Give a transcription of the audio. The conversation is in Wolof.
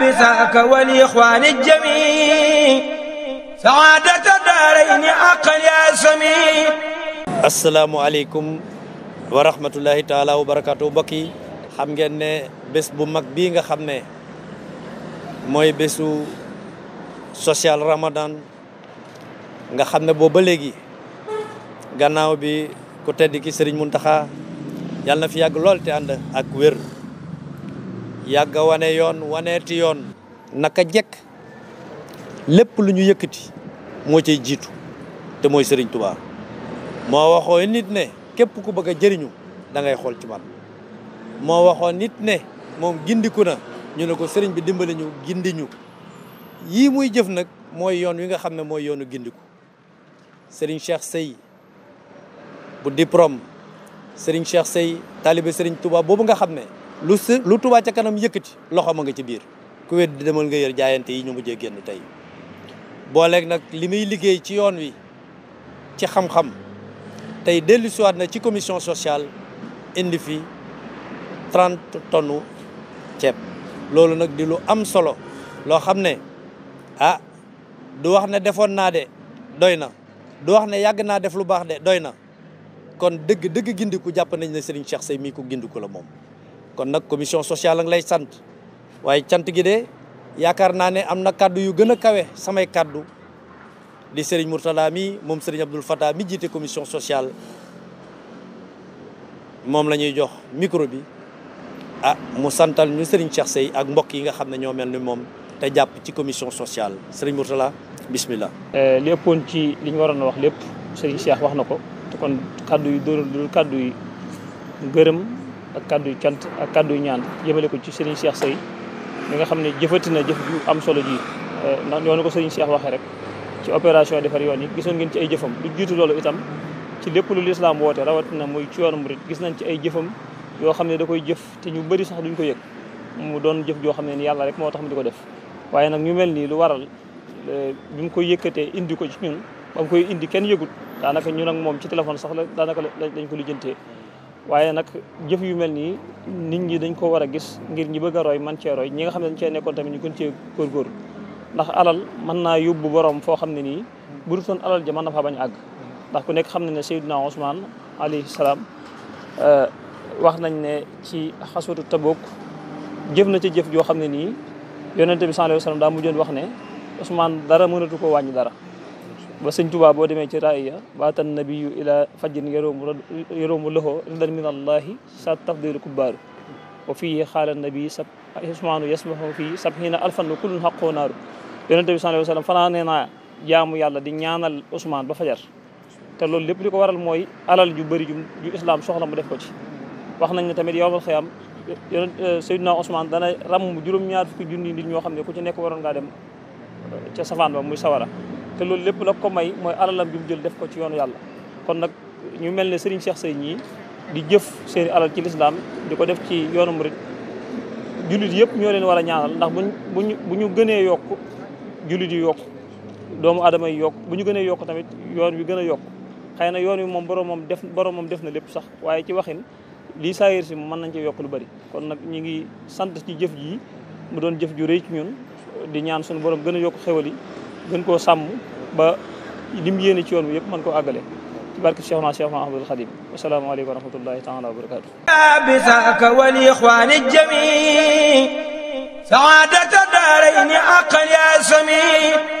بذاك والإخوان الجميع سعادة الدارين أقل يا سميع taala wa barakaatu mbokk yi xam ngeen ne bés bu mag bii nga xam ne mooy bésu social ramadan nga xam ne boobu ba léegi gannaaw bi ku tedd ki Serigne Mountakha yàlla na fi yàgg lool te ànd ak wér yàgg a wane yoon waneeti yoon naka jekk lépp lu ñu yëkkati moo cay jiitu te mooy sëriñ tubaa moo waxoo nit ne képp ku bëgg a jëriñu dangay xool ci man moo waxoon nit ne moom gindiku na ñu ne ko sëriñ bi dimbaliñu ñu gindi ñu yii muy jëf nag mooy yoon wi nga xam ne mooy yoonu gindiku sëriñ Cheikh Sey bu diplôme sëriñ Cheikh Sey taalibe sëriñ Tuubaa boobu nga xam ne lu si lu Touba ca kanam yëkkati loxo ma nga ci biir ku wedd demal nga yër jaayante yi ñu mujjee génn tey booleeg nag li muy liggéey ci yoon wi ci xam-xam tey dellusiwaat na ci commission sociale indi fi trente tonnes ceeb loolu nag di lu am solo loo xam ne ah du wax ne defoon naa de doy na du wax ne yàgg naa def lu baax de doy na kon dëgg dëgg gindiku jàpp nañ ne Serigne Cheikh Seye mii ko gindiku la moom kon nag commission sociale a lay sant waaye cant gi de yaakaar naa ne am na kàddu yu gën a kawe samay kàddu di sëriñ Mourtada mi moom Serigne Abdoul Fattah mi jiite commission sociale moom la ñuy jox micro bi ah mu santal ñu Serigne Cheikh Sey ak mbokk yi nga xam ne ñoo mel ni moom te jàpp ci commission sociale Serigne Mourtada bismillah eh, li ëppoon ci li ñu waroon a wax lépp Serigne Cheikh wax na ko te kon kaddu yi doonul gërëm. ak kàddu yu cant ak kàddu yu ñaan jëmale ko ci Serigne Cheikh Seye mi nga xam ne jëfatina jëf ju am solo ji eh, na ñoo ko Serigne Cheikh waxee rek ci opération defar yoon yi gisoon ngeen ci ay jëfam lu jiitu loolu itam lépp lu lislaam woote rawatina muy ci yoonu murit gis nañ ci ay jëfam yoo xam ne da koy jëf te ñu bëri sax duñ ko yëg mu doon jëf joo xam ne ni yàlla rek moo tax mu di ko def waaye nag ñu mel nii lu waral ñu eh, mu koy yëkkatee indi ko ci ñun ba mu koy indi kenn yëgut daanaka ñun ak moom ci téléphone sax la daanaka dañ ko lijjantee waaye nag jëf yu mel nii nit ñi dañ ko war a gis ngir ñi bëgg a roy man cee roy ñi nga xam ne dañ cee nekkoon tamit ñu gën cee góorgóor ndax alal mën naa yóbbu borom foo xam ne nii bu dul alal ja mën na faa bañ àgg ndax ku nekk xam ne ne Seydina Ousmane alayhi salaam euh, wax nañ ne ci xaswatu Tabuk jëf na ci jëf joo xam ne nii yonente bi sallallahu alayhi wasallam daa mujjoon wax ne Ousmane dara mënatu ko wàññi dara ba sëñ Tuubaa boo demee ci raaya baatan nabiyu ila fajjin yaroomu yaroomu loxoo ridan min allahi sa tafdiru kubbaaru wa fii xaala nabi sab usmaanu yasmahu fii sabhiina alfan wa kullun xaqoo naaru yonente bi fanaa nee naa jaamu yàlla di ñaanal Ousmane ba fajar te loolu lépp li ko waral mooy alal ju bëri ju ju islaam soxla mu def ko ci wax nañ ne tamit yowmal xiyaam yonent eh, Seydina Ousmane dana ram juróom-ñaar fukki junni ñoo xam ne ku ci nekk waroon ngaa dem eh, ca safaan ba muy sawara te loolu lépp la ko may mooy alalam bi mu jël def ko ci yoonu yàlla kon nag ñu mel ne sëriñ Cheikh Seye ñii di jëf seen alal ci lislaam di ko def ci yoonu rek jullit yëpp ñoo leen war a ñaanal ndax buñ buñ bu ñu gënee yokk jullit yi yokk doomu adama yi yokk bu ñu gënee yokk tamit yoon wi gën a yokk xëy na yoon wi moom boromam def boromam def na lépp sax waaye ci waxin lii saayir si mën nañ ci yokk lu bari kon nag ñu ngi sant ci jëf ji mu doon jëf ju ñun di ñaan suñu borom gën a yokk xewal gën koo sàmm ba lim yéene ci yoon bi yëpp mën koo àggale ci barke Cheikhna Cheikh Ahmadul Khadim assalaamu aleykum wa rahmatullahi taala wa barakaatu bisaka wal ixwaan jami saadata daarayni aqal ya sami